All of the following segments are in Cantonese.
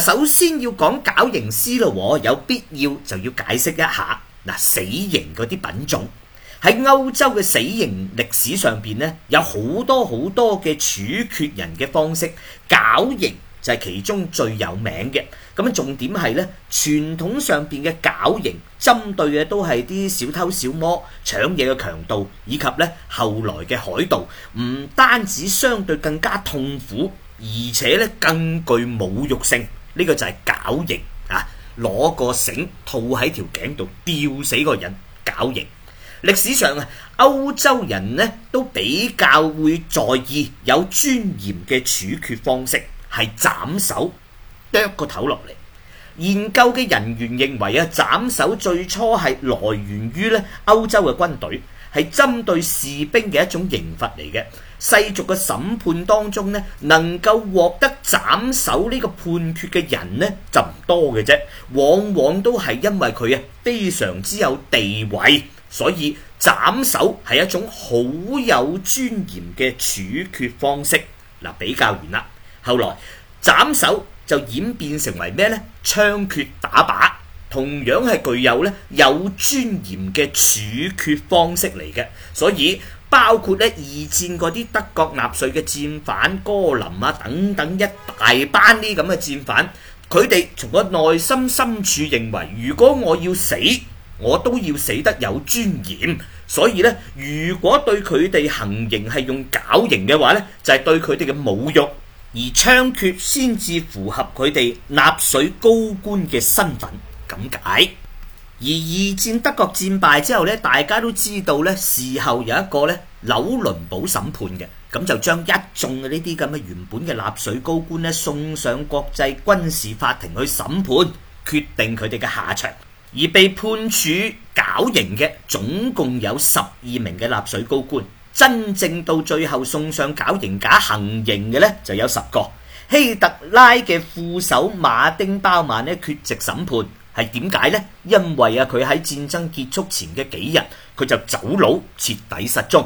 首先要講絞刑師咯，有必要就要解釋一下。嗱，死刑嗰啲品種喺歐洲嘅死刑歷史上邊呢，有好多好多嘅處決人嘅方式，絞刑就係其中最有名嘅。咁啊，重點係呢，傳統上邊嘅絞刑針對嘅都係啲小偷小摸、搶嘢嘅強盜，以及呢後來嘅海盜。唔單止相對更加痛苦，而且呢更具侮辱性。呢個就係絞刑啊！攞個繩套喺條頸度吊死個人，絞刑。歷史上啊，歐洲人呢都比較會在意有尊嚴嘅處決方式，係斬首，剁個頭落嚟。研究嘅人員認為啊，斬首最初係來源於咧歐洲嘅軍隊。係針對士兵嘅一種刑罰嚟嘅，世俗嘅審判當中呢，能夠獲得斬首呢個判決嘅人呢，就唔多嘅啫，往往都係因為佢啊非常之有地位，所以斬首係一種好有尊嚴嘅處決方式。嗱，比較完啦，後來斬首就演變成為咩呢？槍決打靶。同樣係具有咧有尊嚴嘅處決方式嚟嘅，所以包括咧二戰嗰啲德國納粹嘅戰犯戈林啊等等一大班呢咁嘅戰犯，佢哋從個內心深處認為，如果我要死，我都要死得有尊嚴。所以呢，如果對佢哋行刑係用絞刑嘅話呢，就係、是、對佢哋嘅侮辱；而槍決先至符合佢哋納粹高官嘅身份。咁解，而二戰德國戰敗之後咧，大家都知道咧，事後有一個咧紐倫堡審判嘅，咁就將一眾嘅呢啲咁嘅原本嘅納粹高官咧送上國際軍事法庭去審判，決定佢哋嘅下場。而被判處絞刑嘅總共有十二名嘅納粹高官，真正到最後送上絞刑架行刑嘅咧就有十個。希特拉嘅副手馬丁包曼呢缺席審判。係點解咧？因為啊，佢喺戰爭結束前嘅幾日，佢就走佬，徹底失蹤。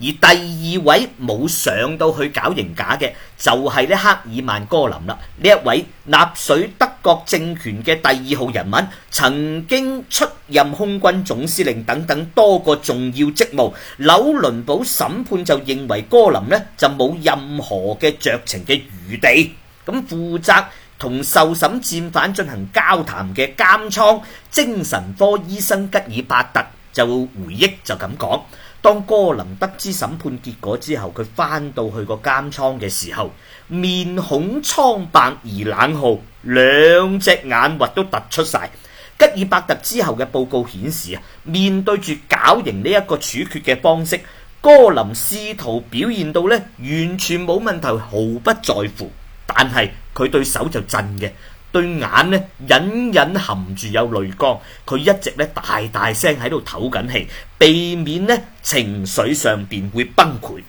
而第二位冇上到去搞絞刑架嘅，就係呢赫爾曼戈林啦。呢一位納粹德國政權嘅第二號人物，曾經出任空軍總司令等等多個重要職務。紐倫堡審判就認為戈林咧就冇任何嘅酌情嘅餘地，咁負責。同受審戰犯進行交談嘅監倉精神科醫生吉爾伯特就回憶就咁講：當戈林得知審判結果之後，佢返到去個監倉嘅時候，面孔蒼白而冷酷，兩隻眼核都突出晒。吉爾伯特之後嘅報告顯示啊，面對住絞刑呢一個處決嘅方式，戈林試圖表現到呢完全冇問題，毫不在乎。但係佢對手就震嘅，對眼呢隱隱含住有淚光，佢一直呢大大聲喺度唞緊氣，避免呢情緒上邊會崩潰。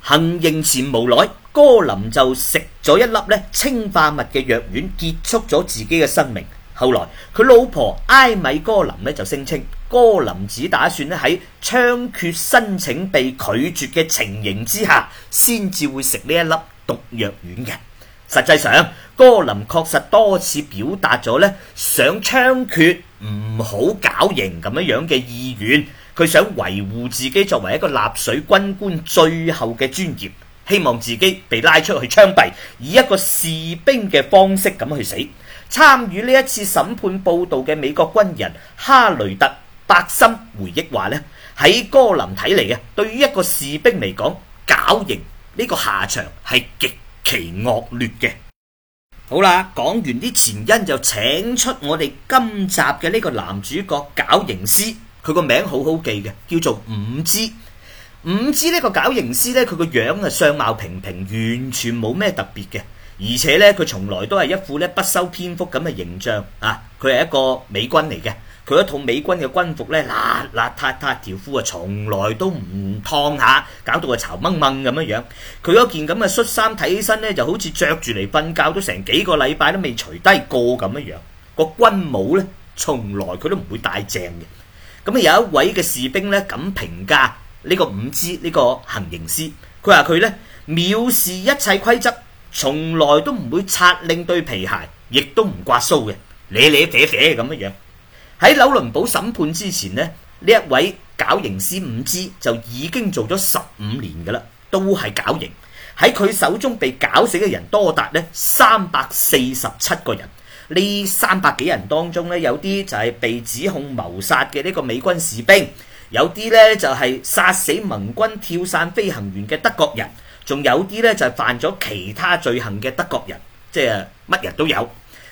行刑前無耐，戈林就食咗一粒呢氰化物嘅藥丸，結束咗自己嘅生命。後來佢老婆埃米戈林呢就聲稱，戈林只打算呢喺槍決申請被拒絕嘅情形之下，先至會食呢一粒毒藥丸嘅。實際上，戈林確實多次表達咗咧想槍決唔好絞刑咁樣樣嘅意願，佢想維護自己作為一個納粹軍官最後嘅尊嚴，希望自己被拉出去槍斃，以一個士兵嘅方式咁去死。參與呢一次審判報導嘅美國軍人哈雷特·伯森回憶話咧：喺戈林睇嚟啊，對於一個士兵嚟講，絞刑呢個下場係極其惡劣嘅，好啦，講完啲前因就請出我哋今集嘅呢個男主角絞刑師，佢個名好好記嘅，叫做五支。五支呢個絞刑師呢佢個樣係相貌平平，完全冇咩特別嘅，而且呢，佢從來都係一副呢不修邊幅咁嘅形象啊，佢係一個美軍嚟嘅。佢一套美軍嘅軍服咧，邋邋遢遢條褲啊，從來都唔燙下，搞到個巢掹掹咁樣樣。佢嗰件咁嘅恤衫睇起身咧，就好似着住嚟瞓覺都成幾個禮拜都未除低過咁樣樣。個軍帽咧，從來佢都唔會戴正嘅。咁啊，有一位嘅士兵咧，咁評價呢個五支呢個行刑師，佢話佢咧，藐視一切規則，從來都唔會擦另一對皮鞋，亦都唔刮須嘅，咧咧扯扯咁樣樣。喺紐倫堡審判之前咧，呢一位絞刑師伍茲就已經做咗十五年噶啦，都係絞刑。喺佢手中被絞死嘅人多達呢三百四十七個人。呢三百幾人當中，呢有啲就係被指控謀殺嘅呢個美軍士兵，有啲呢就係殺死盟軍跳傘飛行員嘅德國人，仲有啲呢就係犯咗其他罪行嘅德國人，即係乜人都有。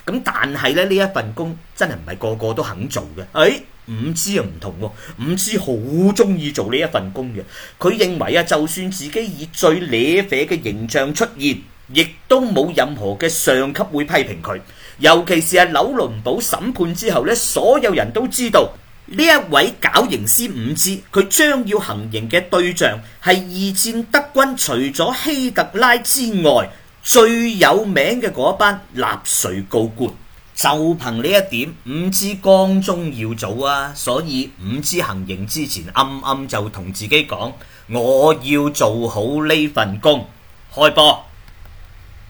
咁但係咧，呢一份工真係唔係個個都肯做嘅。誒、哎，五支又唔同喎，五支好鍾意做呢一份工嘅。佢認為啊，就算自己以最瀨啡嘅形象出現，亦都冇任何嘅上級會批評佢。尤其是係紐倫堡審判之後呢，所有人都知道，呢一位絞刑師五支，佢將要行刑嘅對象係二戰德軍除咗希特拉之外。最有名嘅嗰班納粹高官，就憑呢一點伍茲光宗耀祖啊！所以伍茲行刑之前，啱啱就同自己講：我要做好呢份工。開波。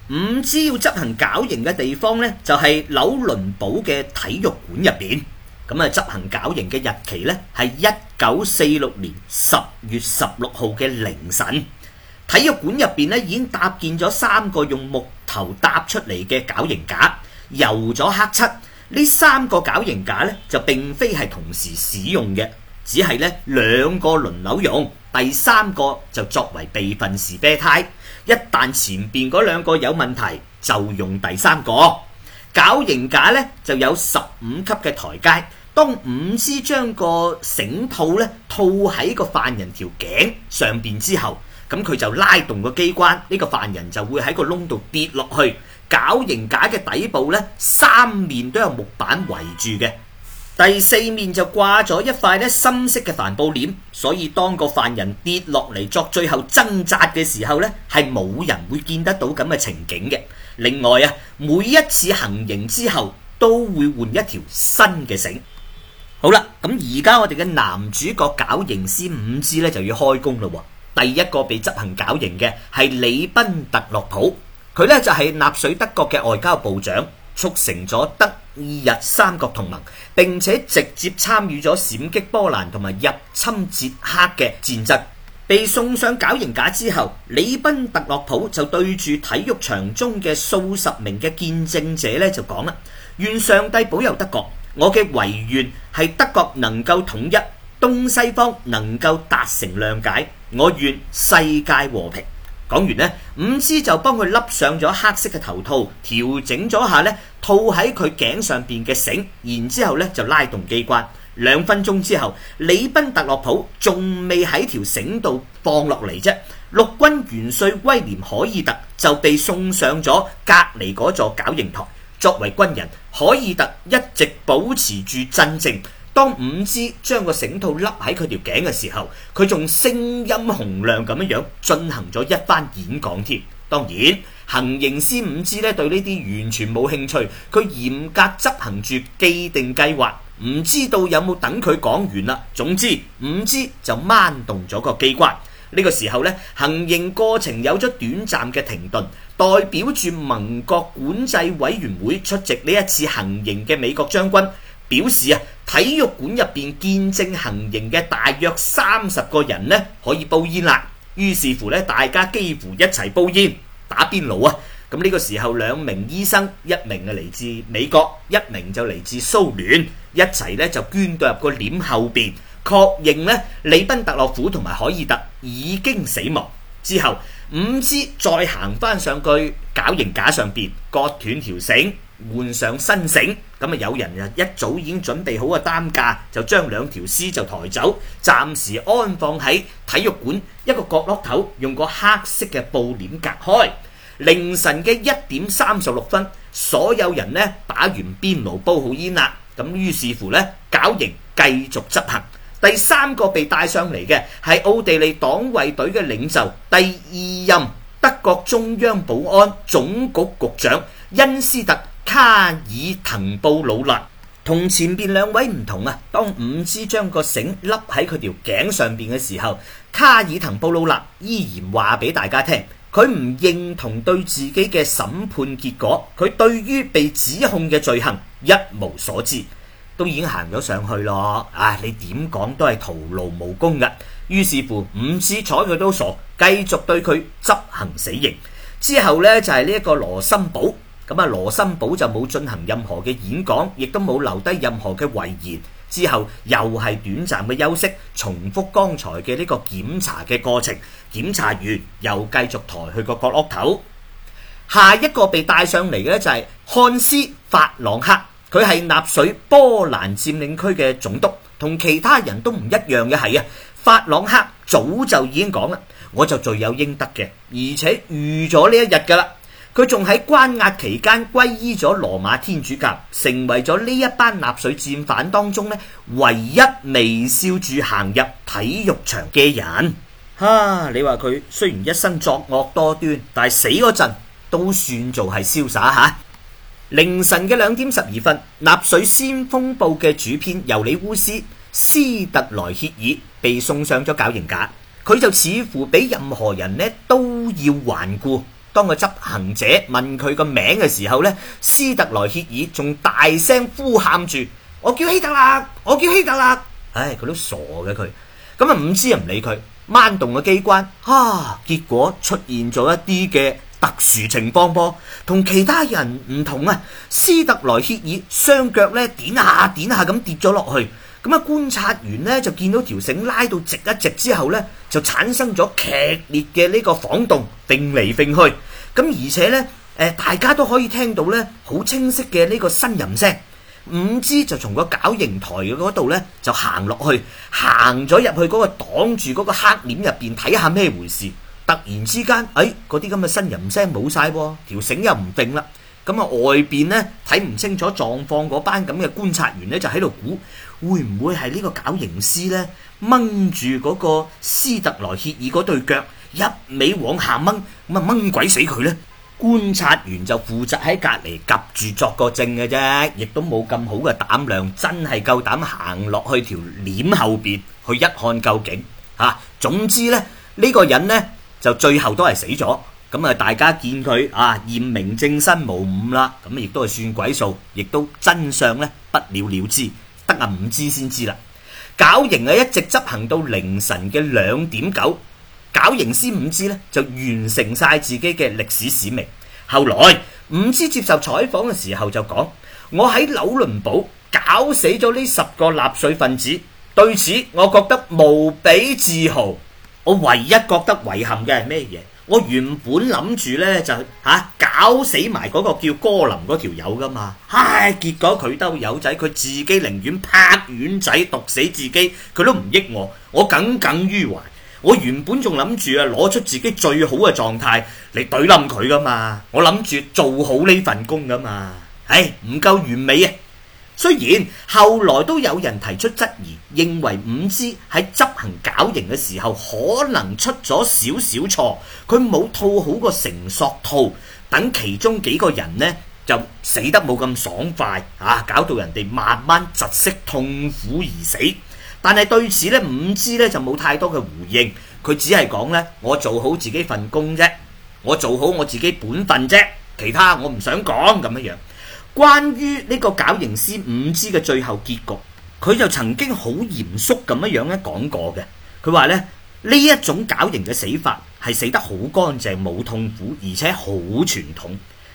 伍茲要執行絞刑嘅地方呢，就係紐倫堡嘅體育館入邊。咁啊，執行絞刑嘅日期呢，係一九四六年十月十六號嘅凌晨。體育館入邊咧已經搭建咗三個用木頭搭出嚟嘅絞刑架，油咗黑漆。呢三個絞刑架咧就並非係同時使用嘅，只係咧兩個輪流用，第三個就作為備份時備胎。一旦前邊嗰兩個有問題，就用第三個。絞刑架咧就有十五級嘅台階。當絞刑師將個繩套咧套喺個犯人條頸上邊之後。咁佢就拉動個機關，呢個犯人就會喺個窿度跌落去。絞刑架嘅底部呢，三面都有木板圍住嘅，第四面就掛咗一塊呢深色嘅帆布簾，所以當個犯人跌落嚟作最後掙扎嘅時候呢，係冇人會見得到咁嘅情景嘅。另外啊，每一次行刑之後都會換一條新嘅繩。好啦，咁而家我哋嘅男主角絞刑師五支呢，就要開工啦。第一個被執行絞刑嘅係李賓特洛普，佢呢就係納粹德國嘅外交部長，促成咗德、意、日三國同盟，並且直接參與咗閃擊波蘭同埋入侵捷克嘅戰爭。被送上絞刑架之後，李賓特洛普就對住體育場中嘅數十名嘅見證者呢就講啦：願上帝保佑德國，我嘅遺願係德國能夠統一。東西方能夠達成諒解，我願世界和平。講完呢，伍茲就幫佢笠上咗黑色嘅頭套，調整咗下呢套喺佢頸上邊嘅繩，然之後咧就拉動機關。兩分鐘之後，李賓特洛普仲未喺條繩度放落嚟啫，陸軍元帥威廉凱爾特就被送上咗隔籬嗰座絞刑台。作為軍人，凱爾特一直保持住鎮靜。當伍茲將個繩套笠喺佢條頸嘅時候，佢仲聲音洪亮咁樣樣進行咗一番演講添。當然行刑師伍茲咧對呢啲完全冇興趣，佢嚴格執行住既定計劃，唔知道有冇等佢講完啦。總之伍茲就掹動咗個機關呢、這個時候呢，行刑過程有咗短暫嘅停頓，代表住盟國管制委員會出席呢一次行刑嘅美國將軍表示啊。體育館入邊見證行刑嘅大約三十個人呢，可以煲煙啦。於是乎呢，大家幾乎一齊煲煙打邊爐啊！咁、這、呢個時候，兩名醫生，一名啊嚟自美國，一名就嚟自蘇聯，一齊呢就捐到入個簾後邊，確認呢里賓特洛甫同埋凱特爾已經死亡之後，五支再行返上去，絞刑架上邊割斷條繩。換上新繩，咁啊，有人啊一早已經準備好個擔架，就將兩條屍就抬走，暫時安放喺體育館一個角落頭，用個黑色嘅布簾隔開。凌晨嘅一點三十六分，所有人咧打完邊爐，煲好煙啦。咁於是乎咧，絞刑繼續執行。第三個被帶上嚟嘅係奧地利黨衛隊嘅領袖，第二任德國中央保安總局局長恩斯特。卡爾滕布魯勒前面兩同前邊兩位唔同啊！當伍茲將個繩笠喺佢條頸上邊嘅時候，卡爾滕布魯勒依然話俾大家聽，佢唔認同對自己嘅審判結果，佢對於被指控嘅罪行一無所知，都已經行咗上去咯。唉、啊，你點講都係徒勞無功嘅。於是乎，伍茲睬佢都傻，繼續對佢執行死刑。之後咧就係呢一個羅森堡。咁啊，羅森堡就冇進行任何嘅演講，亦都冇留低任何嘅遺言。之後又係短暫嘅休息，重複剛才嘅呢個檢查嘅過程。檢查完又繼續抬去個角落頭。下一個被帶上嚟嘅就係漢斯·法朗克，佢係納粹波蘭佔領區嘅總督，同其他人都唔一樣嘅係啊。法朗克早就已經講啦，我就罪有應得嘅，而且預咗呢一日㗎喇。佢仲喺關押期間歸依咗羅馬天主教，成為咗呢一班納粹戰犯當中呢唯一微笑住行入體育場嘅人。哈！你話佢雖然一生作惡多端，但係死嗰陣都算做係瀟灑嚇。凌晨嘅兩點十二分，納粹先鋒報嘅主編尤里烏斯斯特萊歇爾被送上咗絞刑架，佢就似乎比任何人呢都要頑固。當個執行者問佢個名嘅時候呢，斯特萊歇爾仲大聲呼喊住：我叫希特勒！我叫希特勒！」唉，佢都傻嘅佢。咁啊，五師人唔理佢，掹動個機關，吓，啊，結果出現咗一啲嘅特殊情況噃，同其他人唔同啊！斯特萊歇爾雙腳咧點下點下咁跌咗落去。咁啊，觀察完咧，就見到條繩拉到直一直之後咧，就產生咗劇烈嘅呢個晃動，掟嚟掟去。咁而且咧，誒大家都可以聽到咧，好清晰嘅呢個呻吟聲。五枝就從個絞刑台嘅嗰度咧，就行落去，行咗入去嗰個擋住嗰個黑簾入邊睇下咩回事。突然之間，誒嗰啲咁嘅呻吟聲冇晒，條繩又唔定啦。咁啊，外邊呢，睇唔清楚狀況，嗰班咁嘅觀察員呢，就喺度估，會唔會係呢個絞刑師呢？掹住嗰個斯特萊歇爾嗰對腳，一味往下掹，咁啊掹鬼死佢呢？觀察員就負責喺隔籬夾住作個證嘅啫，亦都冇咁好嘅膽量，真係夠膽行落去條簾後邊去一看究竟吓、啊。總之呢，呢、呢個人呢，就最後都係死咗。咁啊！大家見佢啊，驗明正身無誤啦，咁亦都係算鬼數，亦都真相咧不了了之，得阿五芝先知啦。絞刑啊，一直執行到凌晨嘅兩點九，絞刑師五芝咧就完成晒自己嘅歷史使命。後來五芝接受採訪嘅時候就講：我喺紐倫堡絞死咗呢十個納粹分子，對此我覺得無比自豪。我唯一覺得遺憾嘅係咩嘢？我原本諗住呢，就嚇、啊、搞死埋嗰個叫戈林嗰條友噶嘛，唉，結果佢兜友仔，佢自己寧願拍丸仔毒死自己，佢都唔益我，我耿耿於懷。我原本仲諗住啊攞出自己最好嘅狀態嚟對冧佢噶嘛，我諗住做好呢份工噶嘛，唉、哎，唔夠完美啊！.雖然後來都有人提出質疑，認為五支喺執行絞刑嘅時候可能出咗少少錯，佢冇套好個繩索套，等其中幾個人呢就死得冇咁爽快啊，搞到人哋慢慢窒息痛苦而死。但係對此呢，五支呢就冇太多嘅回應，佢只係講呢，我做好自己份工啫，我做好我自己本分啫，其他我唔想講咁樣。關於呢個絞刑師五 G 嘅最後結局，佢就曾經好嚴肅咁樣樣咧講過嘅。佢話咧，呢一種絞刑嘅死法係死得好乾淨，冇痛苦，而且好傳統。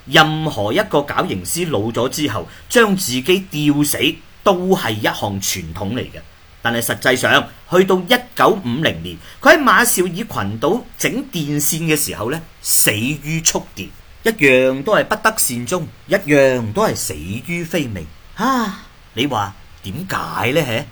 任何一個絞刑師老咗之後，將自己吊死都係一項傳統嚟嘅。但係實際上，去到一九五零年，佢喺馬紹爾群島整電線嘅時候咧，死於觸電。一樣都係不得善終，一樣都係死於非命。吓、啊，你話點解呢？